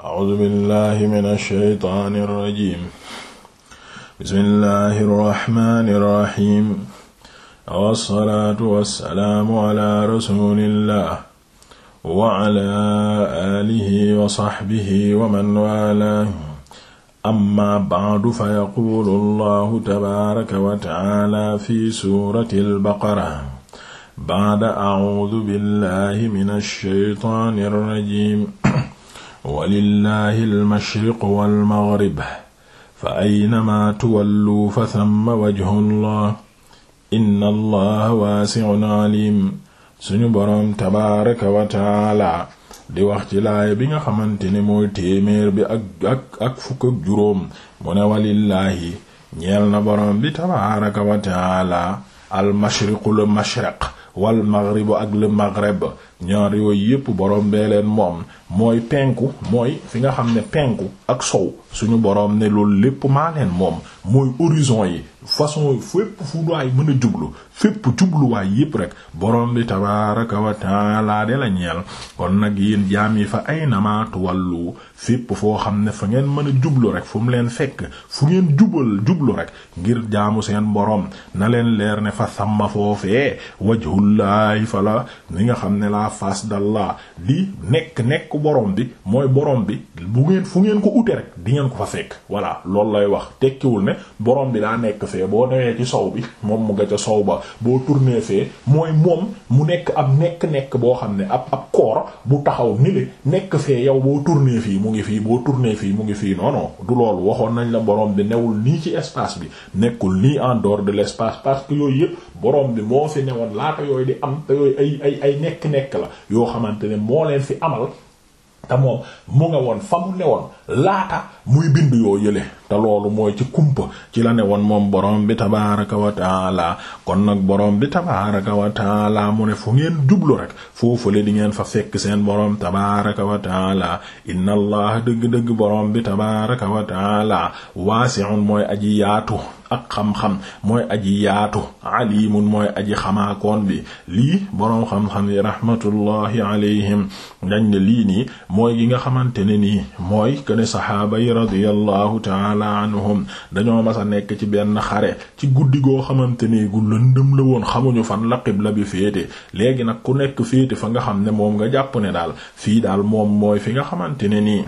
A'uuzu billaahi mina shaytaani rajiim. Bismillaahi rahmaani rahiim. Wassalaatu wassalaamu alaa rasuulillaah wa alaa aalihi wa sahbihi wa man waalaahu. Ammaa ba'du fa yaquulu Allaahu tabaaraka wa ta'aalaa fi suuratil baqara. Ba'da a'uuzu billaahi mina shaytaani rajiim. walillahi almashriqu walmaghrib fa aynama tuwallu fa thamma wajhu llah inna allaha waasi'un alim suñu boroom tabaaraka wa taala di wax ci laaya bi nga xamante ne mooy téeméer bi ak ak ak fukk ak juróom mu ne walillaahi ñeel na bi tabaaraka wa taala almashriqu le wal maghribu ak le maghreb ñaar yooyu yépp borom bee leen moom mooy penku mooy fi nga xam ne penku ak sow suñu borom ne loolu lépp maa leen moom mooy horizon yi façon fépp fu waay mën jublu fépp jubluwaay yépp rek borom bi tabaraka wa taala de la ñeel kon nag yéen jaam yi fa ay namaatu wàllu fépp foo xam ne fa ngeen mën a jublu rek fu mu leen fekk fu ngeen jubal jublu rek ngir jaamu seen boroom na leen leer ne fa sàmma foofee wajhullahi fa la li nga xam ne laa fas d'Allah li nekk nekk borom bi mooy borom bi bu ngeen fu ngeen ko ute rek di ngeen ko fa fekk voilà loolu lay wax tekkiwul ne borom bi daa fee boo newee ci sow bi moom mu nga ca soow ba boo tourné fee mooy moom mu nekk ab nekk-nekk boo xam ne ab ab koor bu taxaw nili nekk fee yow boo tourné fii mu ngi fii boo tourné fii mu ngi fii non non du loolu waxoon nañ la borom bi newul nii ci espace bi nekkul nii en dehors de l'espace parce que yooyu yëpp borom bi moo fi newoon laata yooyu di am te yooyu ay ay ay nekk-nekk la yoo xamante ne moo leen fi amal te moom mu nga woon fa mu newoon laata muy bind yoo yële te loolu mooy ci kumpa ci la ne woon moom boroom bi tabaaraka wa taala kon nag boroom bi tabaaraka wa taala mu ne fu ngeen jublu rek foofule di ngeen fa fekk seen boroom tabaaraka wa taala inna dëgg-dëgg borom bi tabaaraka wa taala mooy aji yaatu ak xam-xam mooy aji yaatu alimun mooy aji xamaakoon bi lii boroom xam-xam yi rahmatullahi alayhim dañ ne lii nii mooy gi nga xamante ne nii mooy ne saxaaba yi radiyallahu taala anhum dañoo mas a nekk ci benn xare ci guddi goo xamante ne gu lëndëm la woon xamuñu fan la xibla bi féete léegi nag ku nekk féete fa nga xam ne moom nga jàpp ne daal fii daal moom mooy fi nga xamante ne nii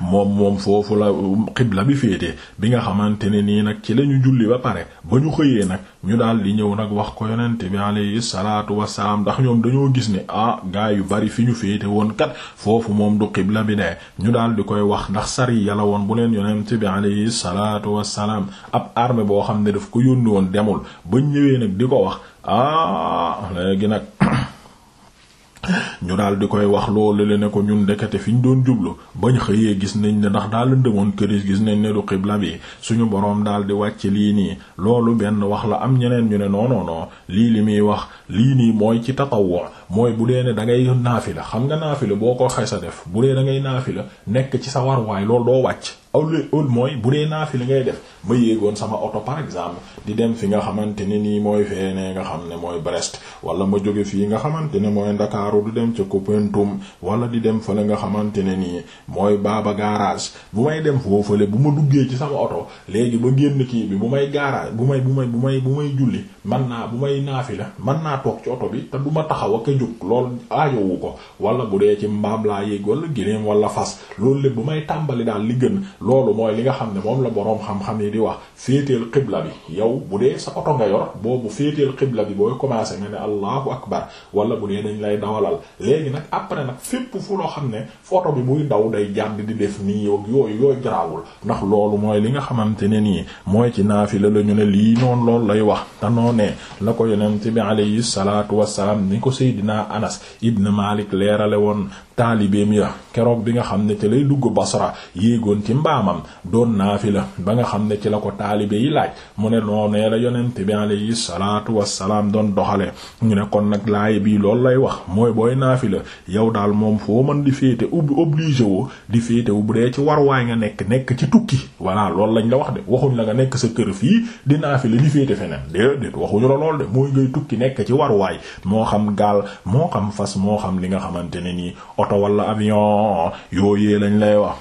moom moom foofu la um, xibla bi féete bi nga xamante ne nii nag ci lañu julli ba pare ba ñu xëyee nag ñu daal ñëw nag wax ko yonent bi alayhi salaatu wasalaam ndax ñoom dañoo gis ni ah gaa yu bari fi ñu féete woon kat foofu moom du xibla bi de ñu daal di koy wax ndax sari yala woon bu leen yonent bi alayhi salaatu wasalaam ab armée boo xam ne daf ko yónni woon demul ba ñëwee nag di ko wax ah léegi nag ñu daal di koy wax loolu le ne ko ñun ndekete fi ñu doon jublu bañ xëyee gis nañ ne ndax daal ndëmoon këris gis nañ ne du xibla bi suñu boroom daal di wàcc lii nii loolu benn wax la am ñeneen ñu ne non lii li muy wax lii nii mooy ci tatawwu mooy bu dee ne da ngay naafila xam nga la boo ko xesa def bu dee da ngay la nekk ci sa warwaay lool doo wàcc awle al mooy bu dee naafila ngay def ma yéegoon sama oto par exemple di dem fi nga xamante ne nii mooy feenee nga xam ne mooy Brest wala ma jóge fii nga xamante ne mooy Ndakaaru du dem ca Kopentum wala di dem fële nga xamante ne nii mooy Baba garage bu may dem foofale bu ma duggee ci sama oto léegi ba génn kii bi bu may garage bu may bu may bu may bu may julli man naa bu may la man naa toog ci oto bi te du ma taxaw ak a jóg lool aajowu ko wala bu dee ci mbaam laa yéeg wala wala fas loolu lépp bu may tàmbali daal li loolu mooy li nga xam ne moom la boroom xam-xam yi di wax féeteel xibla bi yow bu dee sa oto nga yor boobu féeteel xibla bi booy commencé nga ne allahu akbar wala bu dee dañ lay dawalal léegi nag après nag fépp fu loo xam ne footo bi buy daw day jànd di def nii yooyu yooyu garaawul ndax loolu mooy li nga xamante ne nii mooy ci naafila la ñu ne lii noonu loolu lay wax te noo ne la ko yonent bi alayhi salaatu wassalaam ni ko Seydina Anas ibn Malik leerale woon taalibeem ya keroog bi nga xam ne te lay ihraamam doon la ba nga xam ne ci la ko taalibe yi laaj mu ne noonee la yonent bi alayhi salaatu wassalaam doon doxale ñu ne kon nag laay bii loolu lay wax mooy booy la yow daal moom foo mën di féete ub obligé woo di féete wu bu dee ci war waay nga nekk nekk ci tukki voilà lool lañ la wax de waxuñ la nga nekk sa kër fii di naafila di féete feneen déedéet waxuñu la lool de mooy ngay tukki nekk ci war moo xam gaal moo xam fas moo xam li nga xamante ne nii oto walla avion yooyee lañ lay wax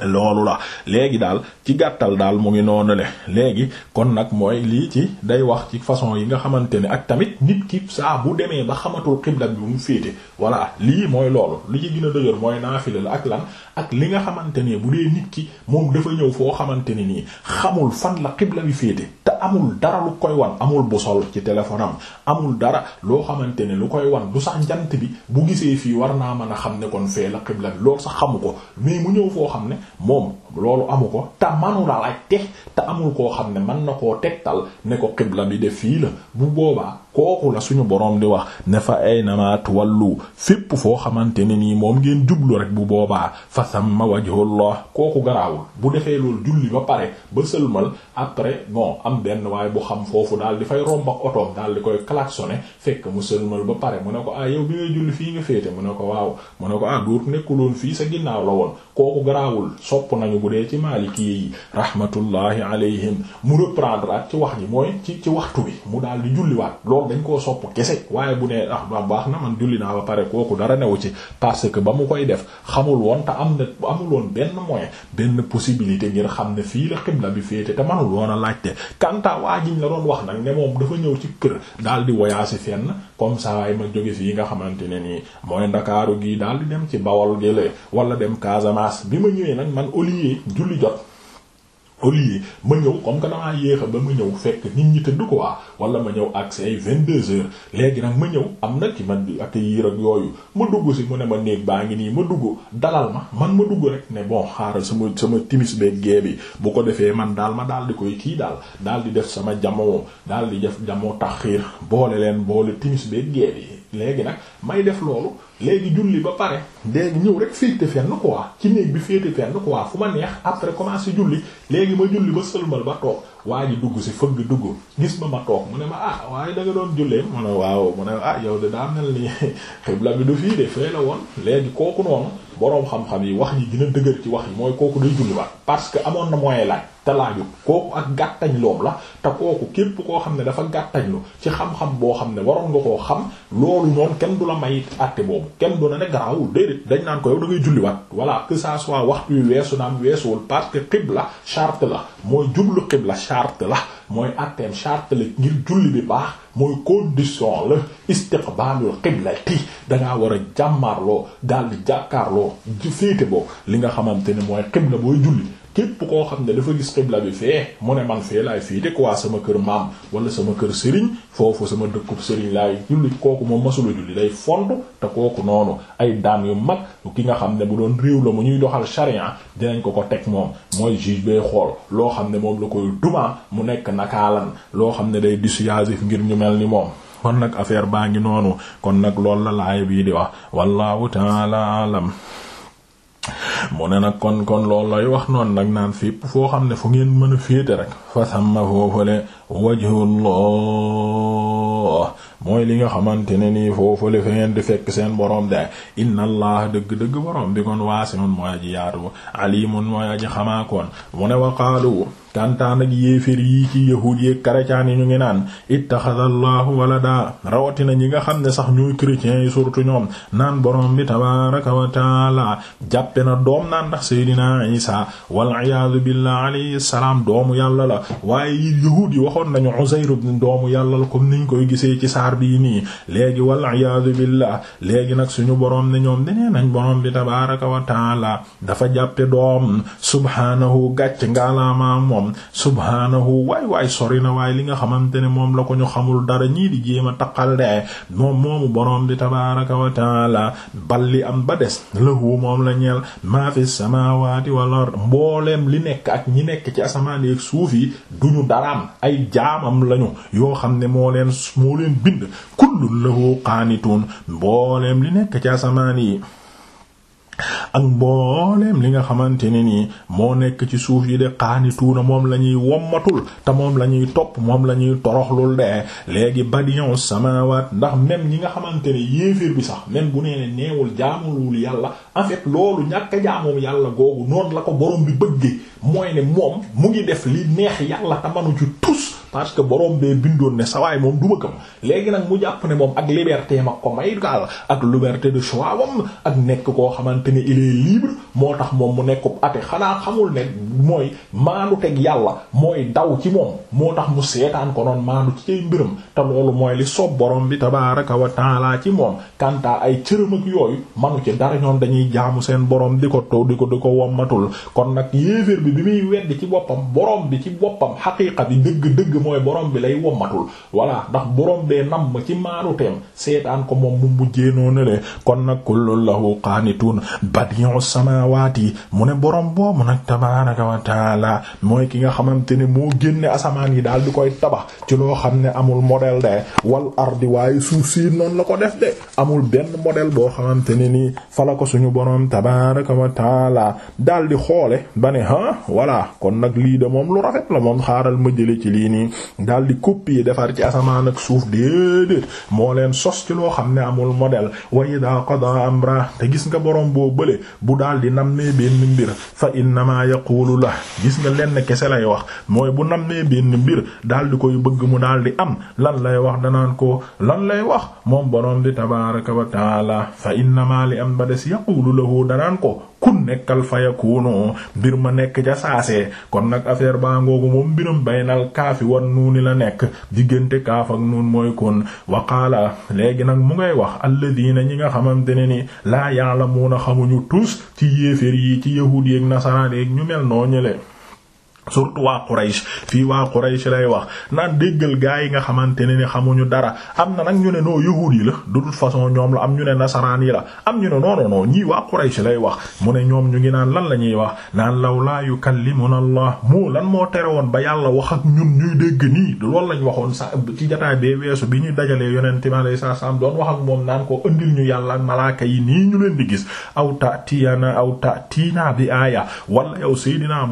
loolu la léegi daal ci gàttal daal mu ngi noonu le léegi kon nag mooy lii ci day wax ci façon yi nga xamante ne ak tamit nit ki saa bu demee ba xamatul xibla bi mu féete voilà lii mooy loolu li ci gën a dëgër mooy naafila la ak li nga xamante ne bu dee nit moom dafa ñëw foo xamante ne nii xamul fan la xibla bi féete te amul dara lu koy wan amul bu sol ci téléphone am amul dara loo xamante ne lu koy wan du sax njant bi bu gisee fii war naa mën a xam ne kon fee la xibla bi loolu sax xamu ko mais mu ñëw foo xam ne moom loolu amu ko te manula ak te amul koo xam ne man na koo tegtal ne ko xibla bi def fii la bu boobaa kooku la suñu boroom di wax ne fa ay namaat wàllu fépp foo xamante ne nii moom ngeen jublu rek bu boobaa fa samma wajhullah kooku garaawul bu defee loolu julli ba pare ba sëlmal après bon am benn waaye bu xam foofu daal di fay romb ak otoom daal di koy klaxonné fekk mu sëlmal ba pare mu ne ko ah yow bi ngay julli fii nga féete mu ne ko waaw mu ne ko ah dootu nekkuloon fii sa ginnaaw la woon kooku garaawul sopp nañu bu dee ci Maliki yi rahmatullahi alayhim mu reprendre ak ci wax ji mooy ci ci waxtu bi mu daal di julliwaat loolu dañ koo sopp kese waaye bu nee ah baax na man julli naa ba pare kooku dara newu ci parce que ba mu koy def xamul woon te am na amul woon benn moyen benn possibilité ngir xam ne fii la xibla bi féete te manul woon a laajte kanta waa jiñ la doon wax nag ne moom dafa ñëw ci kër daal di voyager fenn comme ça ay ma jóge fii nga xamante ne nii mooy ndakaaru gii daal di dem ci bawol gële wala dem Casamance bi ma ñëwee nag man au lieu julli jot au lieu ma ñëw comme que damaa yéexa ba ma ñëw fekk nit ñi tëdd ko waa wala ma ñëw accès ay vingt-deux heures léegi nag ma ñëw am na ci man di accueillir ak yooyu ma dugg si mu ne ma néeg baa ngi nii ma dugg dalal ma man ma dugg rek ne bon xaaral sama sama timis beeg gée bi bu ko defee man daal ma daal di koy kii daal daal di def sama jamoo daal di def jamoo tax xiir boole leen boole timis beeg gée bi léegi nag may def loolu léegi julli ba pare léegi ñëw rek féete fenn quoi ci néeg bi féete fenn quoi fu ma neex après commencé julli léegi ma julli ba sëlmal ba toog waa ji dugg si fëgg dugg gis ma ma toog mu ne ma ah waaye da nga doon jullee mu ne waaw mu ne ah yow de daa mel ni xibla bi du fii de fee la woon léegi kooku noonu boroom xam-xam yi wax ji dina dëgër ci wax yi mooy kooku day julliwaat parce que amoon na moyen laaj te laajut kooku ak gàttañ loom la te kooku képp koo xam ne dafa gàttañlu ci xam-xam boo xam ne waroon nga koo xam loolu noonu kenn du la mayit àtte boobu kenn du na ne garaawul déedéet dañ naan ko yow da ngay julliwaat voilà naam weesuwul parce que xibla charte la mooy jublu xibla charte la mooy atteem charte la ngir julli bi baax mooy condition la istiqbalul qiblati dangaa war a jàmmaarloo daal di jàkkaarloo féete boo li nga xamante ne mooy xibla booy julli képp koo xam ne dafa gis xibla bi fee mu ne man fee laay féete quoi sama kër maam wala sama kër sëriñ foofu sama dëkku sëriñ laay julli kooku moom masula julli day fond te kooku noonu ay daan yu mag ki nga xam ne bu doon réew la mu ñuy doxal charia dinañ ko ko teg moom mooy juge bay xool loo xam ne moom la koy dumaa mu nekk nakaalan loo xam ne day dissuasif ngir ñu mel ni moom kon nag affaire baa ngi noonu kon nag loolu la laay bii di wax wallahu mu ne nag kon kon loolu lay wax noonu nag naan fépp foo xam ne fu ngeen mën a féete rek fa samma foofale wajhullah mooy li nga xamante ne nii foofale fa ngeen di fekk seen borom de inna allah dëgg-dëgg borom bi kon waasi'un mooy aji yaatu alimun mooy aji xamaakoon mu ne waqaalu kantaan ak yéefér yi ci yahuud yi karacaan yi ñu ngi naan ittaxada allahu walada rawatina ñi nga xam ne sax ñuy chrétiens yi surtout ñoom naan borom bi tabaraka wa taala jàppe na doom naan ndax seydina isa waliyasu billah alayhi salaam doomu yàlla la waaye yi yahuud yi waxoon nañu Uzayr ibn doomu yàlla niñ koy gisee ci saar bii nii léegi waliyasu billah léegi nag suñu borom ne ñoom denee nañ borom bi tabaraka wa taala dafa jàppe moom boroom subhaanahu waay waay sori na waay li nga xamante ne moom la ko ñu xamul dara ñii di jéem a taqal de moom moomu borom bi tabaaraka wa balli am ba des lahu moom la ñeel maa fi samaawaati mbooleem li nekk ak ñi nekk ci asamaan ak suuf yi duñu daraam ay jaamam lañu yoo xam ne moo leen moo leen bind kullun lahu qaanituun mbooleem li nekk ci asamaan yi ak mbooleem li nga xamante ne nii moo nekk ci suuf yi de na moom la ñuy wommatul te moom la ñuy topp moom la ñuy toroxlul de léegi badion samawat ndax même ñi nga xamante ne yéeféer bi sax même bu nee ne neewul jaamulul yàlla en fait loolu ñàkk jaamoom yàlla googu noonu la ko borom bi bëgge mooy ne moom mu ngi def li neex yàlla te manu ci parce que borom bee bindoon ne sawaay moom du bëgg léegi nag mu jàpp ne moom ak liberté ma ko may gaal ak liberté de choix wam ak nekk koo xamante ne il est libre moo tax moom mu nekk ate xanaa xamul ne mooy maandu teg yàlla mooy daw ci moom moo tax mu seetaan ko noon maandu ci cay mbiram te loolu mooy li soob boroom bi tabaaraka wa taala ci moom kantaa ay cëram ak yooyu manu ci dara ñoom dañuy jaamu seen borom di ko to di ko di ko wommatul kon nag yéeféer bi ci boppam borom bi ci boppam xaqiiqa dëgg mooy borom bi lay wommatul voilà ndax borom bee nam ci maalu teem seetaan ko moom mu mujjee noonu le kon nag kullu lahu qaanitun badi'u samawati mu ne borom boobu nag tabaraka wa taala mooy ki nga xamante ne moo génne asamaan yi daal di koy tabax ci loo xam ne amul modèle de wal ardi waaye suuf si noonu la ko def de amul benn model boo xamante ne nii fa la ko suñu borom tabaraka wa taala daal di xoole ba ne ah voilà kon nag lii de moom lu rafet la moom xaaral ma ci lii nii daal di copier defar ci asamaan ak suuf déedéet moo leen sos ci loo xam ne amul model wa ida qada amra te gis nga borom boo bële bu daal di nam nee benn mbir fa innama yaqulu la gis nga lenn kese lay wax mooy bu nam nee benn mbir daal di koy bëgg mu daal di am lan lay wax danaan ko lan lay wax moom borom bi tabaraka wa taala fa innama li am ba des yaqulu lahu danaan ko kun nekkal fayakuunu mbir ma nekk ca saase kon nag affaire baa ngoogu moom mbiram baynal kaafi wan nuuni la nekk diggante kaaf ak nuun mooy kun waqaala léegi nag mu ngay wax alladiina ñi nga xamante ne ni laa ya'lamuuna xamuñu tus ci yéeféer yi ci yahuud yeek nasaraan yeek ñu mel noo ñële surtout waa Quraysh fii waa Quraysh lay wax naan déggal gaa yi nga xamante ne ni xamuñu dara am na nag ñu ne noo yahuud yi la de façon ñoom la am ñu ne nasaraan yi la am ñu ne non non non ñii waa Quraysh lay wax mu ne ñoom ñu ngi naan lan la ñuy wax naan law laa yukallimuna Allah moo lan moo tere woon ba yàlla wax ak ñun ñuy dégg nii la lañ waxoon sa ci jotaay bee weesu bi ñuy dajalee yonent mi alayhi salaam doon wax ak moom naan ko andil ñu yàlla ak malaaka yi ñu leen di gis aw ta'tiyana aw ta'tina bi aaya wala yow Seydina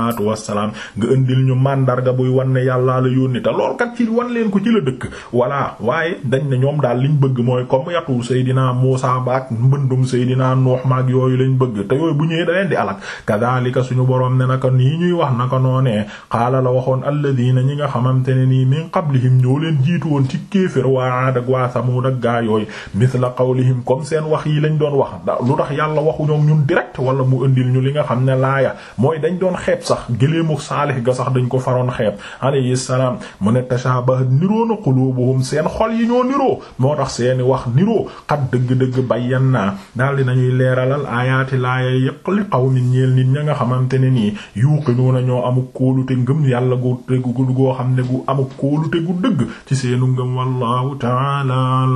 salaatu wassalaam nga indil ñu màndarga buy wan ne yàllaa la yónni te lool kat ci wan leen ko ci la dëkk voilà waaye dañ ne ñoom daal liñ bëgg mooy comme yatu Seydina Muusaa baak mbëndum Seydina Nuux maak yooyu lañ bëgg te yooyu bu ñëwee da leen di alak kadaalika suñu boroom ne naka nii ñuy wax naka noonee xaala la waxoon alladiina ñi nga xamante ne nii min qablihim ñoo leen jiitu woon ci kéefër waa Aad ak waa Samuud ak gaa yooyu misla qawlihim comme seen wax yi lañ doon wax lu tax yàlla waxu ñoom ñun direct wala mu indil ñu li nga xam ne laaya mooy dañ doon xeeb sax géléemu saalix ga sax dañ ko faroon xeeb alayhi salaam mu ne tashabahat niroo na qulubuhum seen xol yi ñoo niroo moo tax seeni wax niroo xat dëgg-dëgg bayyan naa daal di nañuy leeralal ayaati laaya yëq li qawmin ñeel nit ña nga xamante ne nii yuqinuna nañoo amuk kóolute ngëm yàlla gu tegu goo xam ne gu amuk kóolute gu dëgg ci seenu ngëm wallahu ta'ala